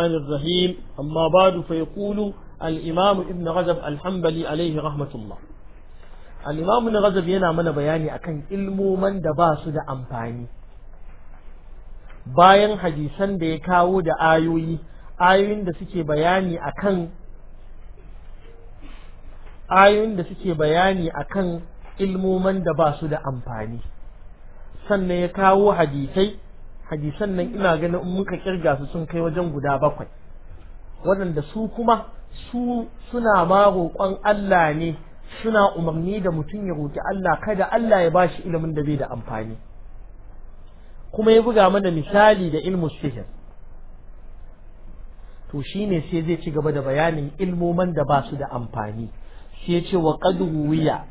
الرحمن الرحيم أما بعد فيقول الإمام ابن رجب الحنبلي عليه رحمة الله الإمام ابن رجب ينا من بياني أكن علمو من دباس دا أمباني bayan hadisan da ya kawo da ayoyi ayoyin da suke bayani akan ayoyin da suke bayani akan ilmoman da ba su da amfani sannan ya kawo hadisai hadisan nan ina ganin in muka kirga su sun kai wajen guda bakwai waɗanda su kuma su suna ma roƙon Allah ne suna umarni da mutum ya roƙi Allah kada Allah ya bashi ilimin da bai da amfani kuma ya buga mana misali da ilmu sihir to shine sai zai ci gaba da bayanin ilmoman da ba su da amfani sai ya ce wa qad wuya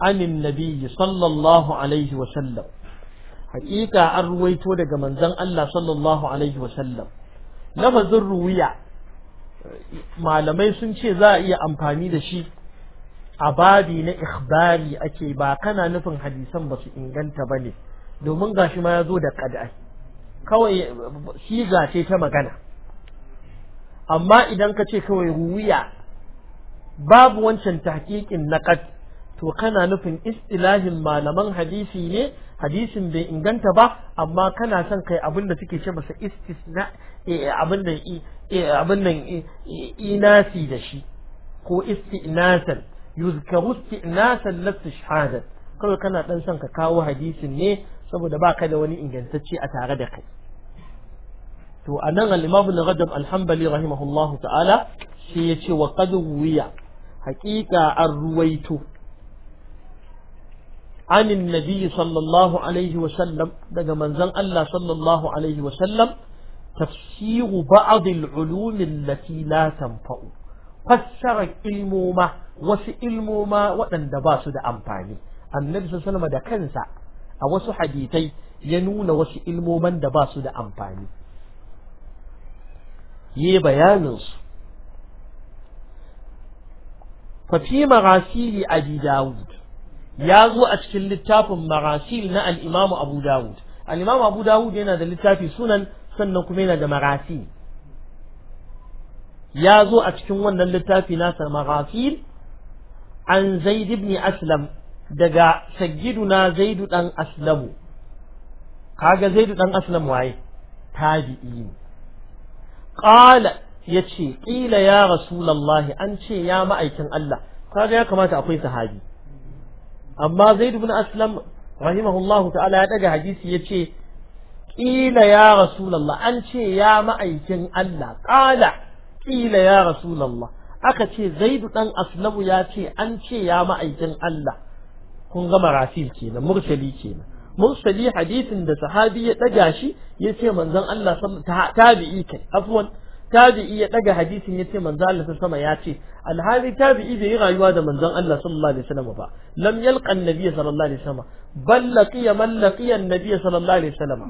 anin nabiyyi sallallahu alaihi wa sallam hakika an ruwaito daga manzon Allah sallallahu alaihi wasallam lafazin ruwiya malamai sun ce za a iya amfani da shi a babi na ikhbari ake ba kana nufin hadisan ba su inganta ba ne domin gashi ma ya zo da kadai kawai shi ce ta magana amma idan ka ce kawai ruwiya babu wancan tahqiqin naqad to kana nufin istilahin malaman hadisi ne hadisin bai inganta ba amma kana son kai abin da suke ce masa istisna eh, eh, abin nan abin eh, nan inasi da shi ko istinasan yuzkaru istinasan kawai kana dan son ka kawo hadisin ne saboda baka da wani ingantacce a tare da kai to anan al-imam ibn rajab al-hanbali rahimahullahu ta'ala shi yace wa qad wiya haqiqa ar-ruwaito عن النبي صلى الله عليه وسلم دقى منزل الله صلى الله عليه وسلم تفسير بعض العلوم التي لا تنفع فسر علموما وفي علموما وأن دباس دا أمباني النبي صلى الله عليه وسلم دا كنسا أوسو حديثي ينون وفي علموما دباس دا أمباني يبيانس ففي مغاسيل أبي داود ya zo a cikin littafin marasil na al'imamu abu dawud al'imamu abu dawud yana da littafi sunan sannan kuma yana da marasil ya zo a cikin wannan littafi nasa marasil an zaid ibn aslam daga sayyiduna zaidu dan aslamu kaga zaidu dan aslam waye tabi'i ne qala yace ƙila ya rasulallahi an ce ya ma'aikin Allah kaga ya kamata akwai sahabi amma zaid ibn aslam rahimahullahu ta'ala ya daga hadisi yace qila ya rasulullah an ce ya ma'aikin Allah qala qila ya rasulullah aka ce zaid dan aslamu ya ce an ce ya ma'aikin Allah kun gama marasil kenan mursali kenan mursali hadisin da sahabi ya daga shi yace manzon Allah tabi'i kai afwan tabi'i ya daga hadisin yace manzon Allah sallallahu alaihi wasallam yace alhali tabi'i bai yi rayuwa da manzon Allah sallallahu alaihi wasallam ba lam yalqa annabi sallallahu alaihi wasallam bal laqiya man laqiya annabi sallallahu alaihi wasallam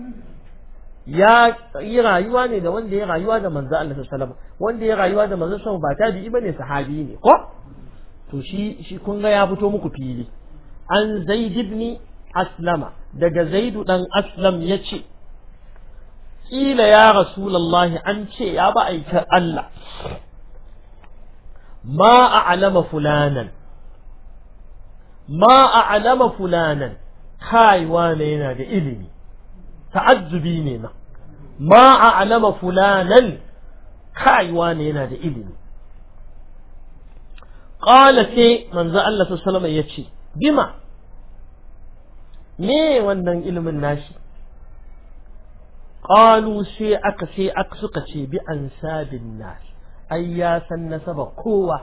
ya yi rayuwa ne da wanda ya rayuwa da manzon Allah sallallahu alaihi wasallam wanda ya rayuwa da manzon sallallahu ba tabi'i bane sahabi ne ko to shi shi kun ga ya fito muku fili an zaid ibn aslama daga zaidu dan aslam yace ƙila ya rasulallahi an ce ya ba aikar Allah ma a alama fulanan ma a alama fulanan kaiwa ne yana da ilimi ta'ajjubi ne na ma a alama fulanan kaiwa ne yana da ilimi ƙala ce manzo Allah sallama ya ce bima me wannan ilimin nashi qalu sai aka sai aka suka ce bi ansabin nas ai ya san nasaba kowa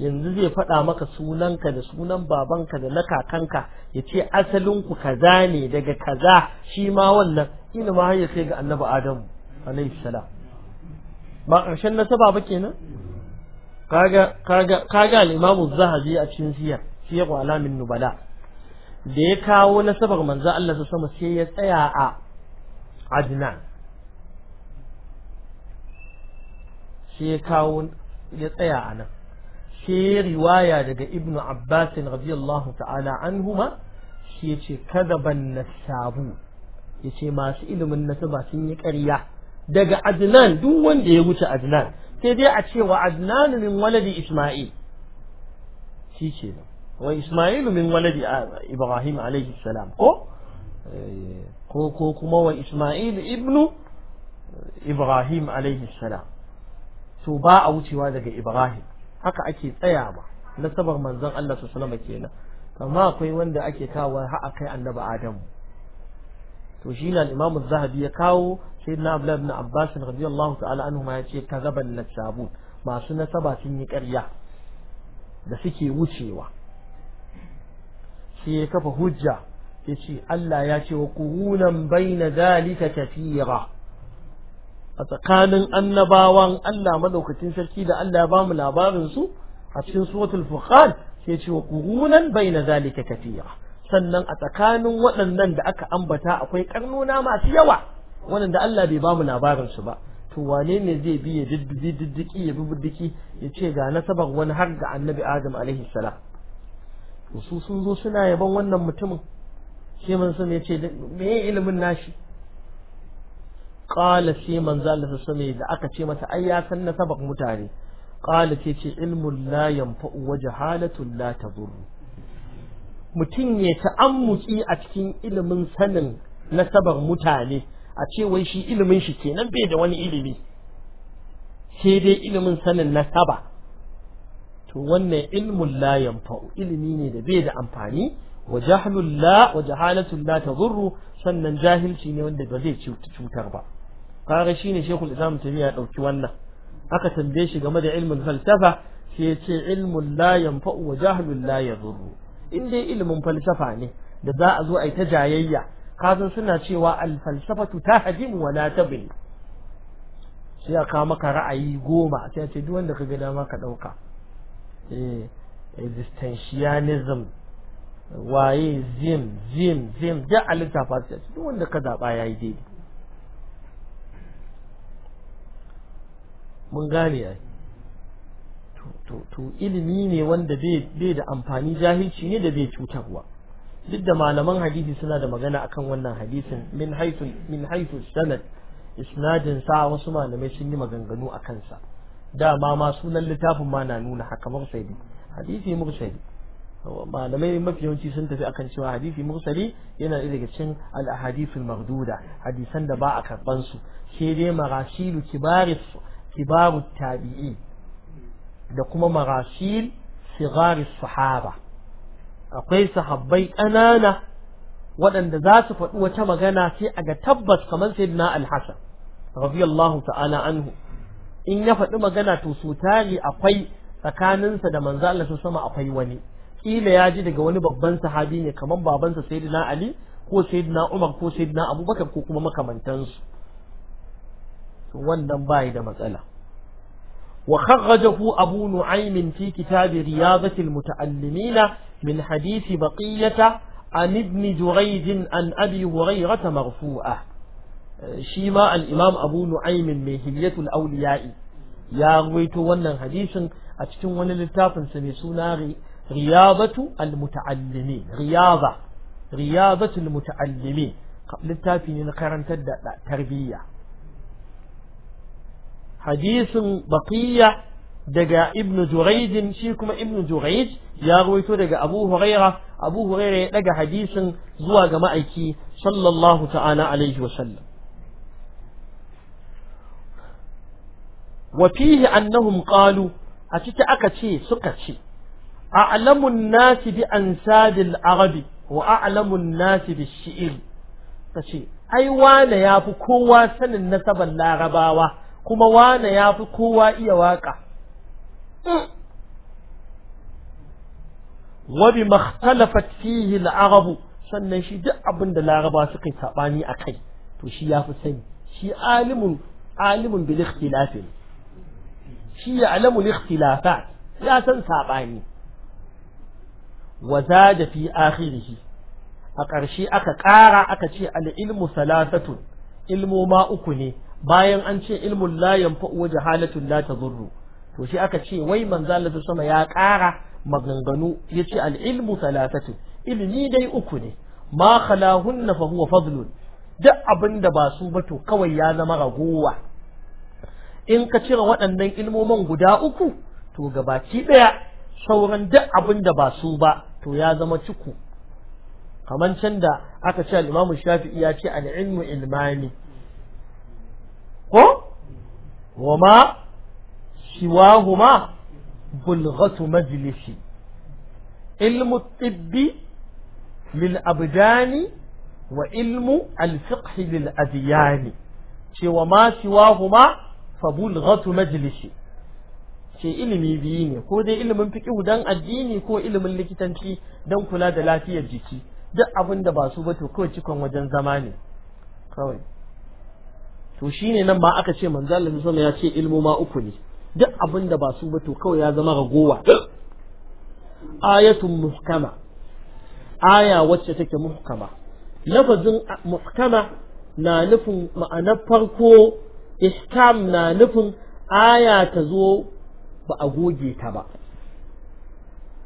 yanzu zai faɗa maka sunanka da sunan babanka da na kakanka ya ce asalinku kaza ne daga kaza shi ma wannan ina ma ya sai ga annabi adamu alaihi salam ba ƙarshen nasaba ba kenan kaga kaga kaga al-imamu zahabi a cikin siya siya alamin nubala da ya kawo nasabar manzo Allah sama sai ya tsaya a adnan shi ya kawo ya tsaya a nan shi riwaya daga ibn abbas radiyallahu ta'ala anhuma shi ya ce kadaban nasabu ya ce masu ilimin nasaba sun yi ƙarya daga adnan duk wanda ya wuce adnan sai dai a cewa adnan min waladi isma'il shi ce wa isma'il min waladi ah, ibrahim alaihi salam ko eh, ko ko kuma wa Isma'il ibnu Ibrahim alaihi salam to ba a wucewa daga Ibrahim haka ake tsayawa nasabar manzon Allah sallallahu alaihi kenan amma akwai wanda ake kawo har akai annabi Adamu to shi ne al-Imam zahabi ya kawo sayyidina Abdullah ibn Abbas radiyallahu ta'ala anhu ma yace kazaban nasabun masu nasaba sun yi ƙarya da suke wucewa sai ya kafa hujja yace Allah ya ce wa qurunan baina zalika kathira a tsakanin annabawan Allah madaukakin sarki da Allah ya ba mu labarin su a cikin suratul furqan sai ce wa qurunan baina zalika kathira sannan a tsakanin waɗannan da aka ambata akwai karnona masu yawa waɗanda Allah bai ba mu labarin su ba to wane ne zai bi ya diddiki diddiki ya bibbiki ya ce ga nasabar wani har ga annabi Adam alaihi salam su sun zo suna yaban wannan mutumin sai man ya ce me ilimin nashi Ƙala sai manzo Allah sama da aka ce mata ai ya san na sabak mutane Ƙala sai ce ilmun la yanfa'u wa jahalatun la tadur mutum ya ta'ammuki a cikin ilimin sanin nasabar mutane a ce wai shi ilimin shi kenan bai da wani ilimi sai dai ilimin sanin nasaba to wannan ilmun la yanfa'u ilimi ne da bai da amfani wa jahlul la wa jahalatul sannan jahilci ne wanda ba zai cutar ba kaga shine shekul islam tabiya ya dauki wannan aka tambaye shi game da ilmin falsafa sai ya ce ilmun la yanfa'u wa jahlul la yadurru in dai ilmin falsafa ne da za a zo a yi ta jayayya kasan suna cewa alfalsafatu ta hajim wa la tabin sai a kawo maka ra'ayi goma sai a ce duk wanda ka ga dama ka dauka eh existentialism waye zim zim zim da a littafa su duk wanda ka zaɓa ya yi daidai mun gane ai to ilimi ne wanda bai da amfani jahilci ne da bai cutarwa duk da malaman hadisi suna da magana akan wannan hadisin min min haitu sanad isnadin sa wasu malamai sun yi maganganu a kansa dama ma sunan littafin ma na nuna haka mursali hadisi mursali malamai mafi yawanci sun tafi akan cewa hadisi mursali yana da daga cikin al-ahadithul marduda hadisan da ba a karban su sai dai marashilu kibaris tabi'i da kuma marashil sigaris sahaba akwai sahabbai ƙanana waɗanda za su faɗi wata magana sai a ga tabbas kamar sayyidina al-hasan radiyallahu ta'ala anhu in ya faɗi magana to so tari akwai tsakaninsa da manzo Allah sama akwai wani kila ya ji daga wani babban sahabi ne kamar babansa sayyidina ali ko sayyidina umar ko sayyidina abubakar ko kuma makamantansu to wannan bai da matsala وخرجه أبو نعيم في كتاب رياضة المتعلمين من حديث بقية عن ابن جريج عن أبي هريرة مرفوعة شيما الإمام أبو نعيم من هلية الأولياء يا رويت ونن حديث أتكون ونن لتافن سميسونا riyabatu almuta'allimi riyada riyabatu almuta'allimi littafi ne na karantar da tarbiyya hadisin baqiya daga ibnu juraij shi kuma ibnu juraij ya rawaito daga abu huraira abu huraira ya daga hadisin zuwa ga ma'aiki sallallahu ta'ala alaihi wa sallam wa fihi annahum qalu a ciki aka ce suka ce a'lamu an-nas bi ansadil arabi wa a'lamu an-nas bi shi'r tace ai wane yafi kowa sanin nasabar larabawa kuma wane yafi kowa iya waka wa bi makhtalafat fihi sannan shi duk abin da laraba suka yi sabani akai to shi yafi sani shi alimun alimun bil ikhtilafin shi ya'lamu al-ikhtilafat ya san saɓani. Waza da fi akhirih a ƙarshe aka ƙara aka ce al-ilmu salasatun ilmu ma uku ne bayan an ce ilmun layan yanfa'u halatun la ta tadurru to shi aka ce wai manzo Allah sama ya ƙara maganganu ya al-ilmu salasatun ilmi dai uku ne ma khalahunna na huwa fadlun duk abinda ba su ba to kawai ya zama ragowa in ka cire waɗannan ilmomin guda uku to gabaki ɗaya sauran duk abin da ba su ba to ya zama ciku kaman can da aka ce al-Imam Shafi'i ya ce al-ilmu ilmani ko wama siwahuma bulghatu majlisi ilmu tibbi lil abdani wa ilmu al-fiqh lil adyani cewa ma siwahuma fa bulghatu majlisi ce ilimi biyu ne ko dai ilimin fiƙi don addini ko ilimin likitanci don kula da lafiyar jiki duk abin da ba su ba to kawai cikon wajen zama ne kawai to shi ne nan ba aka ce manzalin zama ya ce ilmu ma uku ne duk abin da ba su ba to kawai ya zama ragowa ayatun muhkama aya wacce take muhkama lafazin muhkama na nufin ma'anar farko Iskam na nufin aya ta zo ba a goge ta ba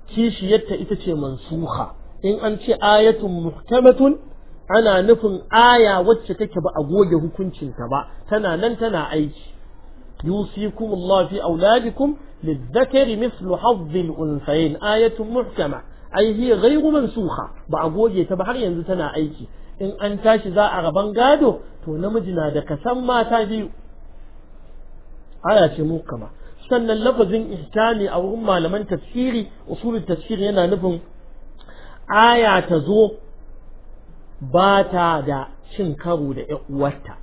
kishiyarta ita ce mansuha in an ce ayatun muhtamatun ana nufin aya wacce take ba a goge hukuncinta ba tana nan tana aiki yusikum Allah fi mislu hazzin unsayin ayatun muhtama ai mansuha ba a goge ta ba har yanzu tana aiki in an tashi za a rabon gado to namiji na da kasan mata biyu sannan lafazin ihsani a wurin malaman tafsiri usulul tafsiri yana nufin aya ta zo ba ta da cin karo da ƴan uwarta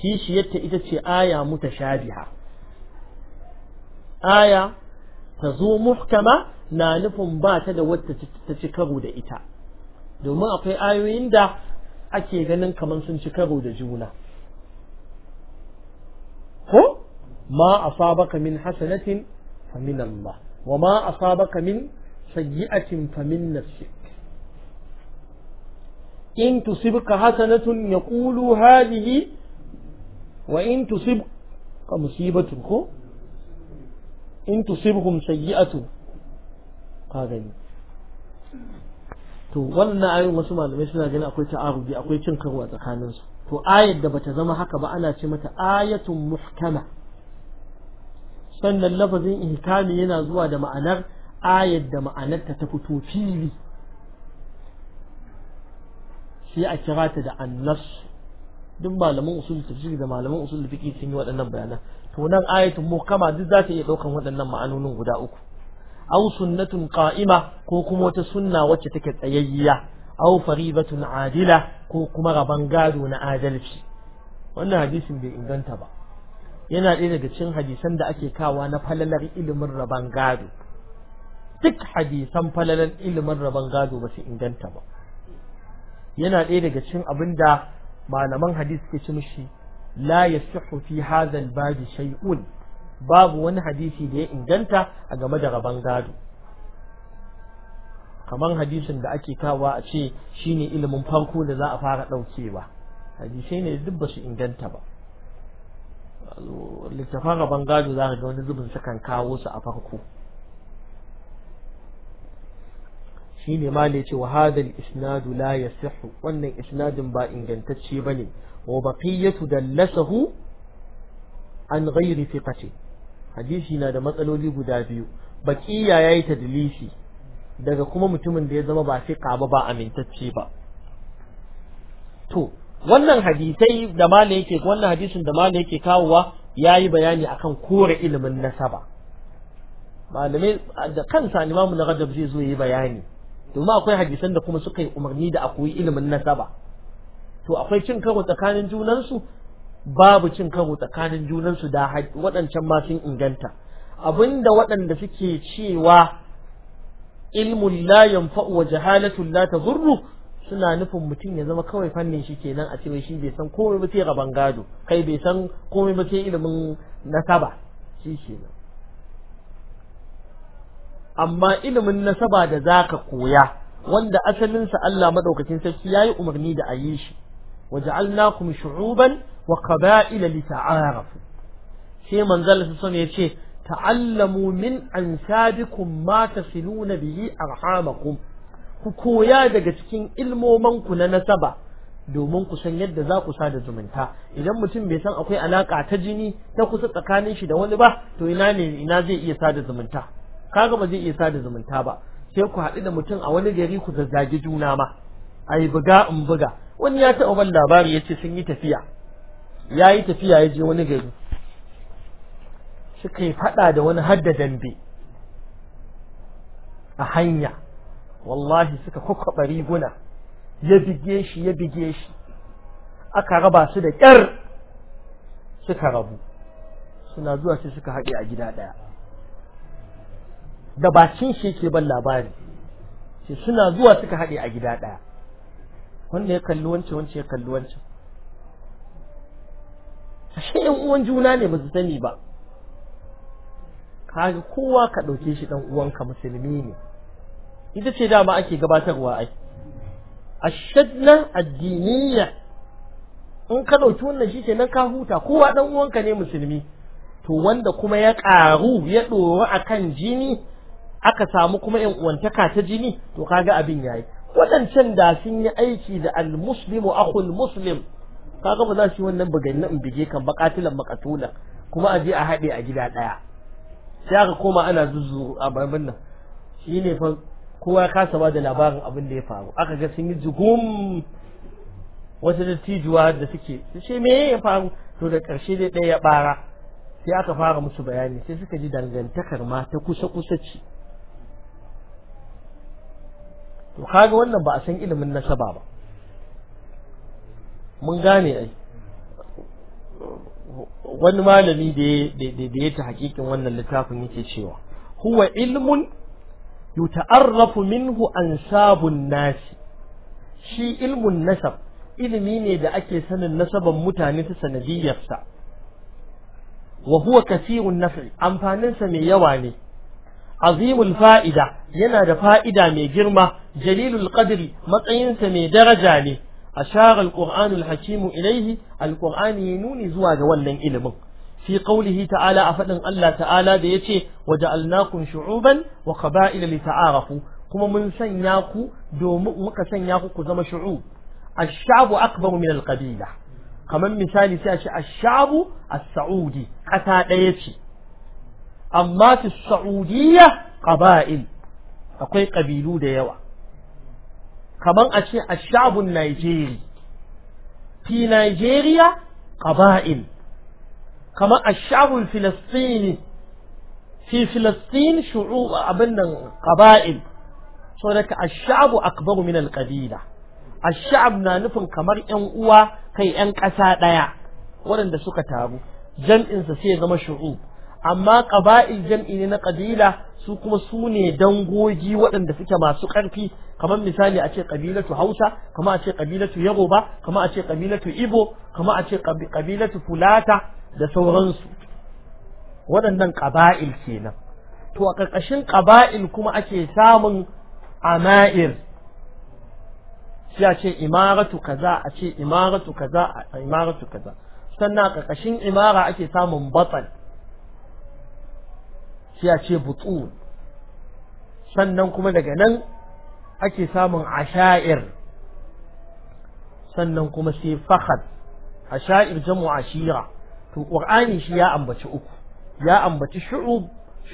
kishiyarta ita ce aya mutashabiha aya ta zo muhkama na nufin ba ta da wata ta ci karo da ita domin akwai ayoyin da ake ganin kamar sun ci karo da juna ما أصابك من حسنة فمن الله وما أصابك من سيئة فمن نفسك إن تصبك حسنة يقول هذه وإن تصبك مصيبة إن تصبهم سيئة قال to wannan ayoyin wasu malamai suna ganin akwai ta'arubi akwai cin karo a tsakaninsu to ayar da bata zama haka ba ana ce mata ayatun muhkama sannan lafazin ihkami yana zuwa da ma'anar ayar da ma'anarta ta fito fili sai a kira ta da annas duk malaman usul tafsir da malaman usul sun yi waɗannan bayanan to nan ayatun muhkama duk za ta iya ɗaukan waɗannan ma'anonin guda uku aw sunnatun qa'ima ko kuma wata sunna wacce take tsayayya aw faribatun adila ko kuma Rabangado gado na adalci wannan hadisin bai inganta ba yana ɗaya daga cikin hadisan da ake kawa na falalar ilimin raban gado duk hadisan falalar ilimin raban gado ba su inganta ba yana ɗaya daga cikin abin da malaman hadisi ke ci mishi la yasihu fi hadha al shay'un babu wani hadisi da ya inganta a game da raban gado kamar hadisin da ake kawa a ce shine ilimin farko da za a fara daukewa hadisai ne duk ba su inganta ba littafan rabon gado za ga wani zubin sukan kawo su a farko ne ma ne ce wa hadal isnadu la sihu wannan isnadin ba ingantacce ba ne wa da lasahu an ghairi kace hadisi na da matsaloli guda biyu yi yayi tadlisi daga kuma mutumin da ya zama ba thiqa ba ba amintacce ba to wannan hadisai da mala yake wannan hadisin da mala yake kawowa yayi bayani akan kore ilimin nasaba Malami da kansa Imam Nagadab zai zo yi bayani domin akwai hadisan da kuma suka yi umarni da akwai ilimin nasaba to akwai cin karo tsakanin junansu babu cin karo tsakanin junansu da waɗancan ma sun inganta abinda waɗanda suke cewa ilmun la yanfa'u wa jahalatun la tadurru suna nufin mutum ya zama kawai fannin shi kenan a cewa shi bai san komai ba sai gaban gado kai bai san komai ba sai ilimin nasaba shi kenan amma ilimin nasaba da zaka koya wanda asalin sa Allah madaukakin sarki yayi umarni da ayi shi waja'alnakum shu'uban wa qaba'ila lita'arafu sai manzal sun ta'allamu min ansabikum ma tasiluna bihi arhamakum ku koya daga cikin ku na nasaba domin ku san yadda za ku sada zumunta idan mutum bai san akwai alaka ta jini ta kusa tsakanin shi da wani ba to ina ne ina zai iya sada zumunta kaga ba zai iya sada zumunta ba sai ku haɗu da mutum a wani gari ku zazzage juna ma ai buga in buga wani ya taɓa ban labari ya ce sun yi tafiya ya yi tafiya ya je wani gari suka yi faɗa da wani hadda dambe a hanya wallahi suka bari riguna ya bige shi ya bige shi aka raba su da ƙyar suka rabu suna zuwa sai suka haɗe a gida ɗaya da bakin shi ke ban labari sai suna zuwa suka haɗe a gida ɗaya wanda ya kalli wancan wancan ya kalli wancan ashe yan uwan juna ne ba su sani ba kaga kowa ka ɗauke shi ɗan uwanka musulmi ne ita ce dama ake gabatarwa ai ashadna addiniya in ka ɗauki wannan shi nan ka huta kowa dan uwanka ne musulmi to wanda kuma ya ƙaru ya doro akan jini aka samu kuma yan uwantaka ta jini to kaga abin yayi waɗancan da sun yi aiki da al akhul muslim kaga ba za su yi wannan buganni in bige kan bakatilan makatula kuma a je a hade a gida daya sai aka koma ana zuzu a babban nan shine fa kowa ya kasa ba da labarin abin da ya faru aka ga sun yi jugum wasu dattijuwa da suke su ce me ya faru to da karshe dai ɗaya ya bara sai aka fara musu bayani sai suka ji dangantakar ma ta kusa kusa ce to kaga wannan ba a san ilimin nasaba ba mun gane ai wani malami da ya ta hakikin wannan littafin yake cewa huwa ilmun yuta'arrafu minhu ansabun nasi shi ilmun nasab ilimi ne da ake sanin nasaban mutane ta sanadiyarsa wa huwa kasirun naf'i amfaninsa mai yawa ne azimul fa'ida yana da fa'ida mai girma jalilul qadri matsayinsa mai daraja ne ashara alqur'anul hakimu ilaihi alqur'ani nuni zuwa ga wannan ilimin fi qawlihi ta'ala a faɗin Allah ta'ala da yace waja'alnakum shu'uban wa qaba'ila lita'arafu kuma mun sanya ku domin muka sanya ku ku zama shu'ub ash-sha'bu akbaru min al-qabila kaman misali sai a ce ash-sha'bu as-sa'udi kasa ɗaya ce amma su sa'udiyya qaba'il akwai kabilu da yawa kaman a ce ash-sha'bu najeri fi Najeriya qaba'il kamar ashahun filistini fi filistin shu'u abin nan qaba'il so daga ashabu akbaru min alqabila ashab na nufin kamar yan uwa kai yan ƙasa ɗaya waɗanda suka taru sa sai zama shu'u amma ƙaba'il jam'i ne na ƙabila su kuma su ne dangogi waɗanda suke masu ƙarfi kamar misali a ce ƙabilatu Hausa kama a ce ƙabilatu Yaroba kama a ce ƙabilatu Ibo kama a ce ƙabilatu Fulata da sauransu waɗannan ƙaba'il kenan to a ƙarƙashin ƙaba'il kuma ake samun ama'ir shi a ce imaratu kaza a ce imaratu kaza a imaratu kaza sannan a ƙarƙashin imara ake samun batsal shi a ce butsu sannan kuma daga nan ake samun asha'ir sannan kuma sai fahad asha'ir jamu ashira to qur'ani shi ya ambaci uku ya ambaci shu'ub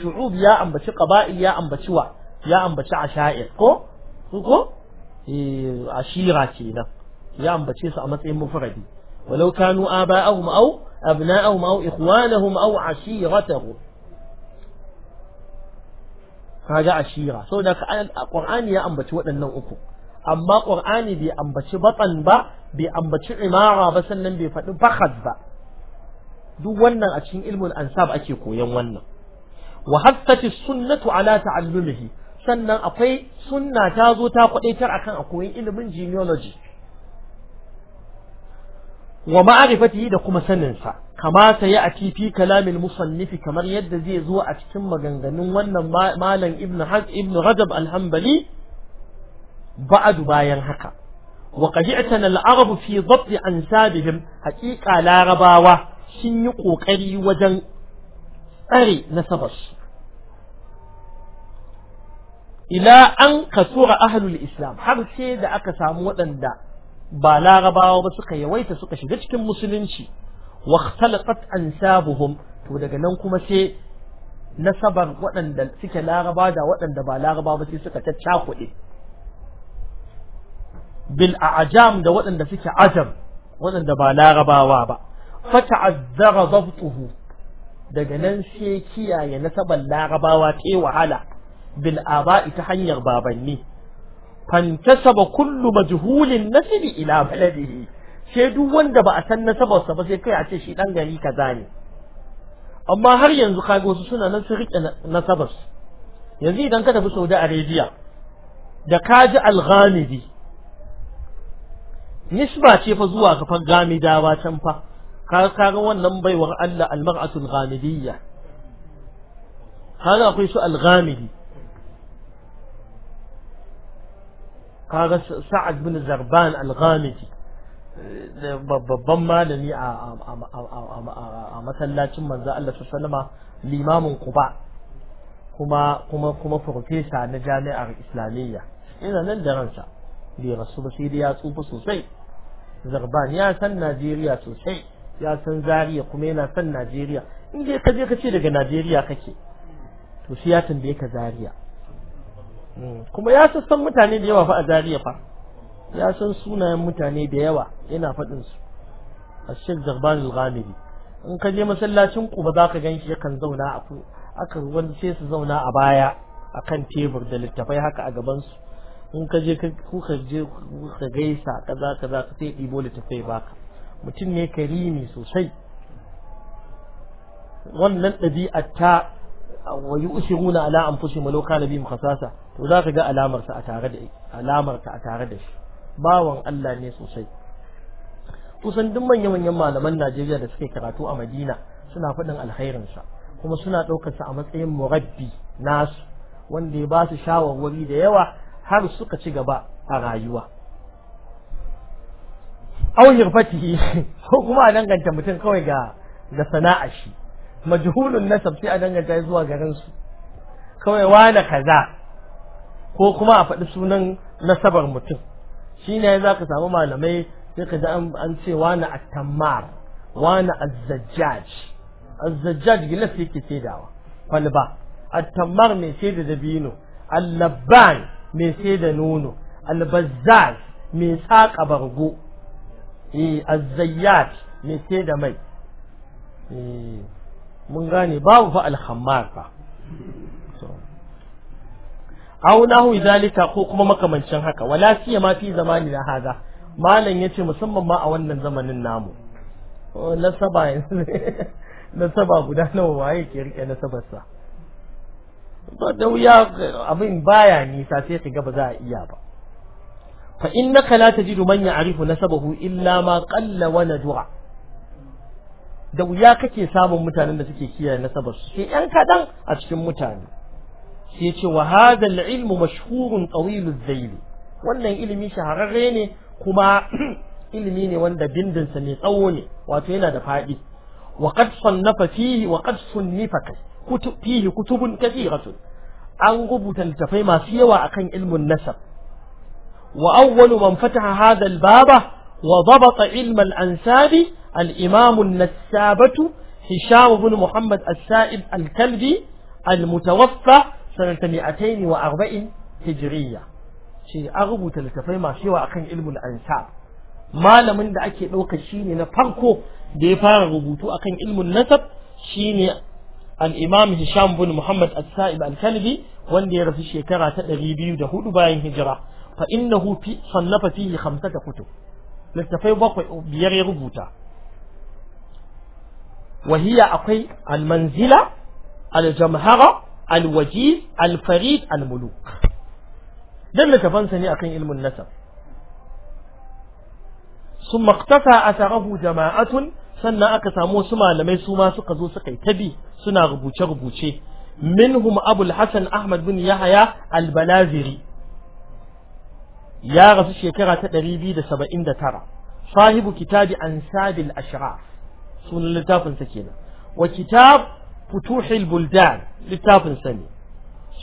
shu'ub ya ambaci qaba'il ya ambaci wa ya ambaci asha'ir ko ko eh ashira kenan ya ambace su a matsayin mufradi walau kanu aba'ahum aw abna'ahum aw ikhwanahum aw ashiratahum kaga ashira so da qur'ani ya ambaci waɗannan uku amma qur'ani bai ambaci batan ba bai ambaci imara ba sannan bai faɗi fakhad ba duk wannan a cikin ilmin ansab ake koyan wannan wa haffati sunnatu ala ta'allumihi sannan akwai sunna ta zo ta kwadaitar akan a koyan ilimin genealogy wa yi da kuma saninsa kama sai a tifi kalamin musannifi kamar yadda zai zo a cikin maganganun wannan malam ibn haz ibn rajab al-hanbali ba'adu bayan haka wa qad i'tana al-arabu fi dhabt ansabihim haqiqa larabawa sun yi ƙoƙari wajen tsare nasabarsu ila an kasura ahlul islam har sai da aka samu waɗanda ba larabawa ba suka yawaita suka shiga cikin musulunci wa khtalatat ansabuhum to daga nan kuma sai nasabar waɗanda suke laraba da waɗanda ba laraba ba sai suka kuɗi bil a'jam da waɗanda suke ajam waɗanda ba larabawa ba fata'azzara zabtuhu daga nan sai kiyaye nasabar larabawa ta wahala bil aba'i ta hanyar babanni fantasaba kullu majhulin nasibi ila baladihi sai duk wanda ba a san sa ba sai kai a ce shi dan gari kaza ne amma har yanzu kaga wasu suna nan su rike nasabar yanzu idan ka tafi Saudi Arabia da kaji al-Ghamidi nisba ce fa zuwa kafan Gamidawa can fa kaga wannan baiwar Allah al-mar'atul ghamidiyya kaga akwai su al-ghamidi kaga Sa'ad bin Zarban al-Ghamidi babban malami a a masallacin manzo Allah sallama limamin Quba kuma kuma kuma professor na jami'ar Islamiyya ina nan da ransa bi rasul ba ya tsufa sosai Zarban ya san Najeriya sosai ya san zariya kuma yana san najeriya in dai ka je ka ce daga najeriya kake to shi ya tambaye ka zariya hmm. kuma ya san mutane da yawa fa a zariya fa ya san sunayen mutane da yawa yana faɗin su a sheikh zarban al-ghamidi in ka je masallacin kuba za ka ganshi yakan zauna a ku aka wani sai su zauna a baya akan tebur da littafai haka a gaban su in ka je kuka je ka gaisa kaza kaza sai ɗibo littafai baka mutum ne karimi sosai wannan ɗabi'a ta wa yu'siruna ala anfusihim law kana bihim khasasa to za ka ga alamar a tare da alamar ta a tare da shi bawan Allah ne sosai kusan duk manyan manyan malaman Najeriya da suke karatu a Madina suna faɗin alkhairin sa kuma suna ɗaukar sa a matsayin murabbi nasu wanda ya ba su shawarwari da yawa har suka ci gaba a rayuwa aw fatihi ko kuma a danganta mutum kawai ga sana'a shi majhulun nasab sai a danganta zuwa garin su kawai wani kaza ko kuma a faɗi sunan nasabar mutum shine za ka samu malamai sai ka ji an ce wani attammar wani azzajjaj azzajjaj gilas yake saidawa kwalba attammar mai saida dabino allaban mai saida nono albazaz mai saƙa bargo eh azzayyat me ce da mai eh, mun gane babu fa alhammar aw nahu zalika ko kuma makamancin haka wala siya ma fi zamani na haza malam yace musamman ma a wannan zamanin namu oh, nasaba nasaba guda nawa waye ke rike nasabar sa da wuya abin baya nisa sai ka ga ba za a iya ba fa innaka la tajidu man ya'rifu nasabahu illa ma qalla wa nadura da wuya kake samun mutanen da suke kiyaye su? sai yan kadan a cikin mutane sai ya ce wa hadha al-ilmu mashhurun tawilul zayl wannan ilimi shahararre ne kuma ilimi ne wanda bindinsa mai tsawo ne wato yana da faɗi wa qad sannafa fihi wa qad sunnifa fihi kutubun kathiratun an rubuta littafai masu yawa akan ilmun nasab وأول من فتح هذا الباب وضبط علم الأنساب الإمام النسابة هشام بن محمد السائب الكلبي المتوفى سنة 240 هجرية شيء أغبو تلتفهم شيء وأخين علم الأنساب ما لم ندعك لوك الشيني نفرقه بفار غبوتو أخين علم النسب شيني الإمام هشام بن محمد السائب الكلبي وان دي رفشي كرا تأغيبيو دهود باين هجرة فإنه في صنف فيه خمسة كتب لستفي بق بير ربوتا وهي أقي المنزلة الجمهرة الوجيز الفريد الملوك دل تفنسني أقي علم النسب ثم اقتفى أثره جماعة سنة أكثر سما لم يسوما سقزو سقي تبي سنة ربوشة ربوشة منهم أبو الحسن أحمد بن يحيى البلازري ya rasu shekara ta 279 sahibu kitabi ansabil ashraf sunan littafin sa kenan wa kitab futuhil buldan littafin sa ne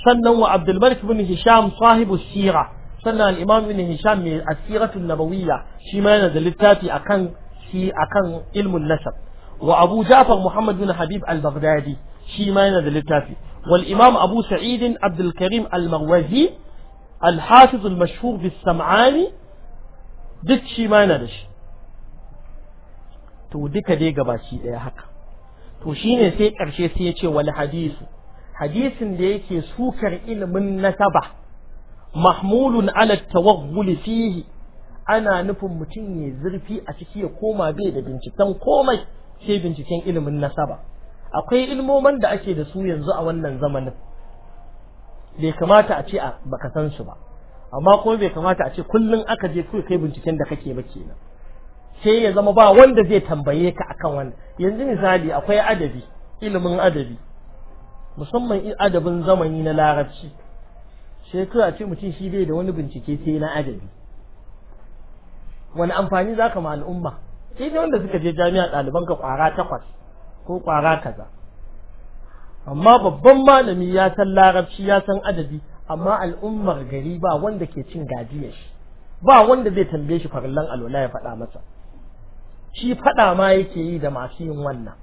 sannan wa abdul malik ibn hisham sahibu sira sannan al-imam ibn hisham mai asiratu nabawiyya shi ma yana da littafi akan shi akan ilmun nasab wa abu jafar muhammad bin habib al-baghdadi shi ma yana da littafi wal imam abu sa'id abdul karim al-marwazi الحافظ المشهور بالسمعاني duk shi ma yana da shi to duka dai gabaci ɗaya haka to shine sai ƙarshe sai ya ce wani hadisu. hadisin da yake sukar ilimin nasaba mahmulun ala tawaghul fihi ana nufin mutum ya zurfi a ciki ya koma bai da binciken komai sai binciken ilimin nasaba akwai ilmoman da ake da su yanzu a wannan zamanin bai kamata a ce baka san su ba amma kuma bai kamata a ce kullum aka je kai kai binciken da kake ba kenan sai ya zama ba wanda zai tambaye ka akan wannan yanzu misali akwai adabi ilimin adabi musamman adabin zamani na larabci sai kai a ce mutum shi bai da wani bincike sai na adabi wani amfani zaka ma al'umma sai dai wanda suka je jami'a ɗaliban ka kwara takwas ko kwara kaza amma babban malami ya san larabci ya san adabi amma al'ummar gari ba wanda ke cin gajiyar shi ba wanda zai tambaye shi farlan alwala ya faɗa masa shi faɗa ma yake yi da masu yin wannan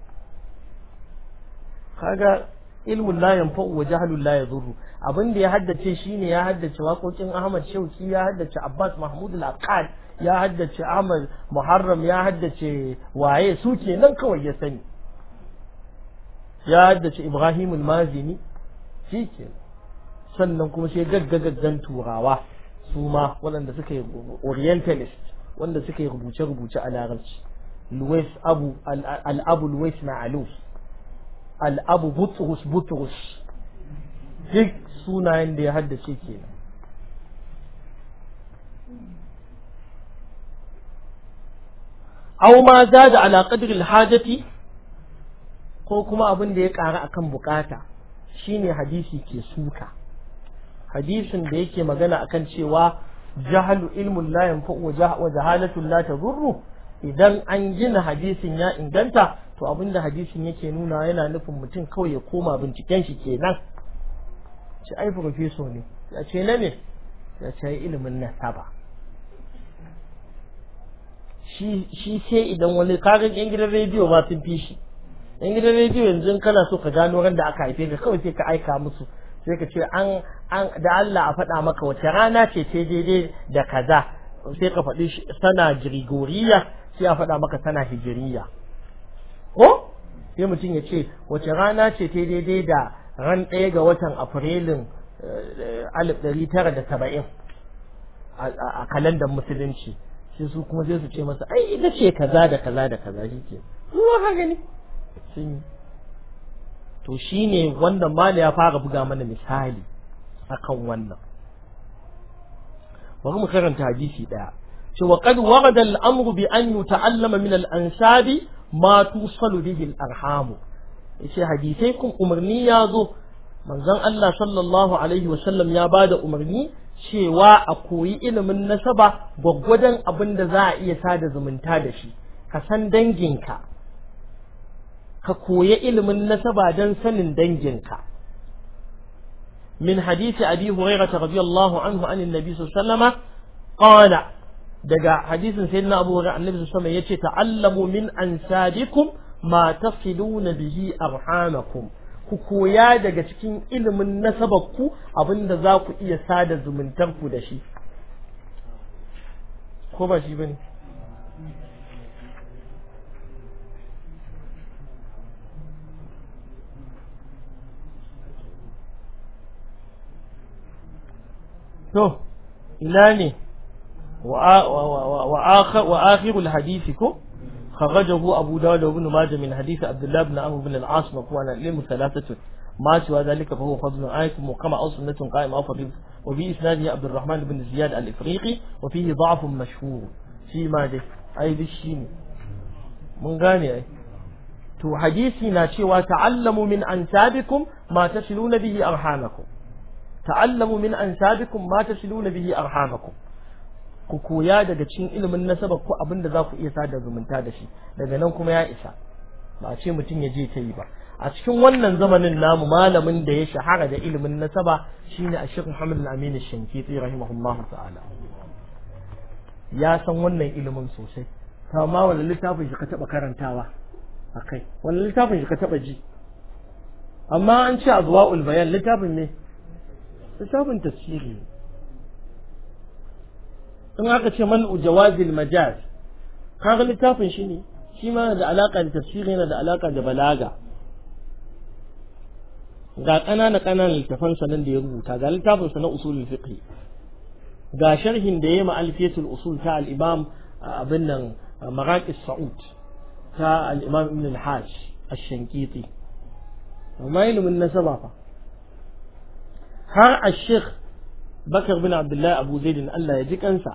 kaga ilmun la yanfa'u wa jahlun la buru abin da ya haddace shine ya haddace waƙoƙin Ahmad Shauki ya haddace Abbas Mahmud al ya haddace Ahmad Muharram ya haddace waye su kenan kawai ya sani ya haddace Ibrahim al-Mazini shi ke sannan kuma sai gaggagaggan turawa su ma waɗanda suka yi orientalist wanda suka yi rubuce-rubuce a larabci Luwais Abu al-Abu Luwais Ma'aluf al-Abu Butrus Butrus duk sunayen da ya haddace kenan أو ما زاد على قدر الحاجة ko kuma abin da ya ƙara a akan bukata shine hadisi ke suka hadisin da yake magana akan cewa jahalu ilmun layan fa’o wa jahalatun la tadurru idan an gina hadisin ya inganta to abin da hadisin yake nuna yana nufin mutum kawai ya koma binciken shi ke nan ce ai profeso ne ya ce na ne ya ce ilimin nasaba shi sai idan wani kagan yan gidan rediyo ba sun fi shi in gidan rediyo yanzu kana so ka gano ran da aka haife ka kawai sai ka aika musu sai ka ce an an da Allah a faɗa maka wace rana ce ce daidai da kaza sai ka faɗi sana jirgoriya sai a faɗa maka sana hijiriya ko sai mutum ya ce wace rana ce ta daidai da ran ɗaya ga watan afrilun eh, alif ɗari tara da saba'in a kalandar musulunci sai su kuma sai su ce masa ai ita ce kaza da kaza da kaza shi ke ruwa ka gani sun yi to shine wanda mali ya fara buga mana misali akan wannan bari mu karanta hadisi daya ce wa qad warada al-amru bi an yuta'allama min al'ansabi ansabi ma tusalu bihi al-arham hadisai kun umarni ya zo manzon Allah sallallahu alaihi wa sallam ya bada umarni cewa a koyi ilimin nasaba gwaggwadon abin da za a iya sada zumunta da shi ka san danginka ka koya ilimin nasaba don sanin danginka min hadisi abi hurairah radiyallahu anhu anin nabi sallallahu alaihi daga hadisin sayyidina abu hurairah annabi sallallahu alaihi wasallam yace ta'allamu min ansabikum ma tafiduna bihi arhamakum ku koya daga cikin ilimin nasabakku abinda za ku iya sada zumuntarku da shi ko ba shi bane شوف إلاني وآخر, وآخر الحديث كو خرجه أبو داود وابن ماجه من حديث عبد الله بن عمرو بن العاص مقوانا العلم ثلاثة ما سوى ذلك فهو فضل آيكم وكما أو سنة قائمة أو فريضة وفي إسناده عبد الرحمن بن زياد الإفريقي وفيه ضعف مشهور في ماجة أي بالشين من غاني أي تو حديثنا شوى تعلموا من أنسابكم ما تصلون به أرحامكم ta'allamu min ansabikum ma tasiluna bihi arhamakum ku koya daga cikin ilimin nasaba ko abin da za ku iya sada zumunta da shi daga nan kuma ya isa ba a ce mutum ya je ta yi ba a cikin wannan zamanin namu malamin da ya shahara da ilimin nasaba shine a shekhu Muhammad al-Amin al-Shankiti rahimahullah ta'ala ya san wannan ilimin sosai ta ma wani littafin shi ka taba karantawa a kai wani littafin shi ka taba ji amma an ce azwaul bayan littafin ne littafin tafsiri in aka ce man jawazil majaz kaga littafin shi ne shi ma da alaka da tafsiri yana da alaka da balaga ga ƙanana ƙananan littafan sanan da ya rubuta ga littafin sa na usulul fiqh ga sharhin da yayi ma'alifatul usul ta al-imam abin nan maraqis sa'ud ta al-imam ibn al-hajj ash-shankiti amma ilimin nasaba fa har a shekh bakar bin abdullahi abu zaidin allah ya ji kansa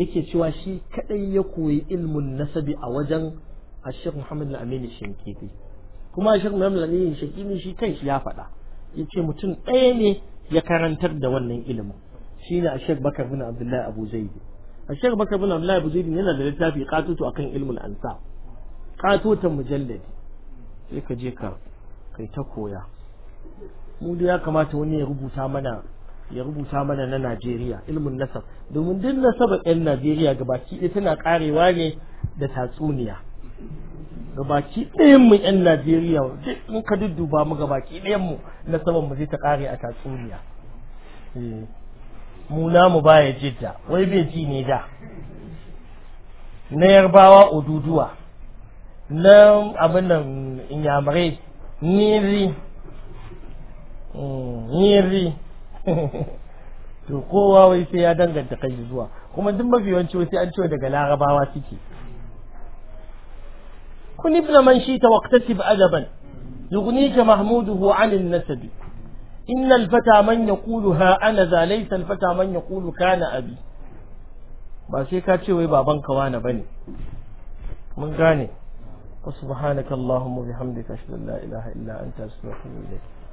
yake cewa shi kadai ya koyi ilmin nasabi a wajen a shekh muhammad al-amini shinkiti kuma shekh muhammad al-amini shinkiti shi kan shi ya faɗa ya ce mutum ɗaya ne ya karantar da wannan ilimin Shi ne a shekh bakar bin abdullahi abu zaidin a shekh bakar bin abdullahi abu zaidin yana da littafi katoto akan ilmin ansa. katotan mujalladi sai ka je ka kai ta koya mu da ya kamata wani ya rubuta mana ya rubuta mana na Najeriya ilmin nasab domin duk nasaba ɗan Najeriya gabaki ɗaya tana karewa ne da tatsuniya gabaki ɗayan mu ɗan Najeriya duk in ka dudduba mu gabaki ɗayan mu nasaban mu zai ta kare a tatsuniya eh, mu namu baya jidda wai bai ji ne da na yarbawa oduduwa na abin nan inyamurai niri Eh, nyeri to kowa wai sai ya danganta kai zuwa kuma duk mafi yawanci wai sai an ciwo daga larabawa suke kun ibn man shi ta bi adaban yughniki mahmuduhu an an nasabi, inna al-fata man yaqulu ha ana za laysa al-fata man yaqulu kana abi ba sai ka ce wai baban ka wani bane mun gane subhanakallahumma bihamdika ashhadu an la ilaha illa anta astaghfiruka wa atubu ilayk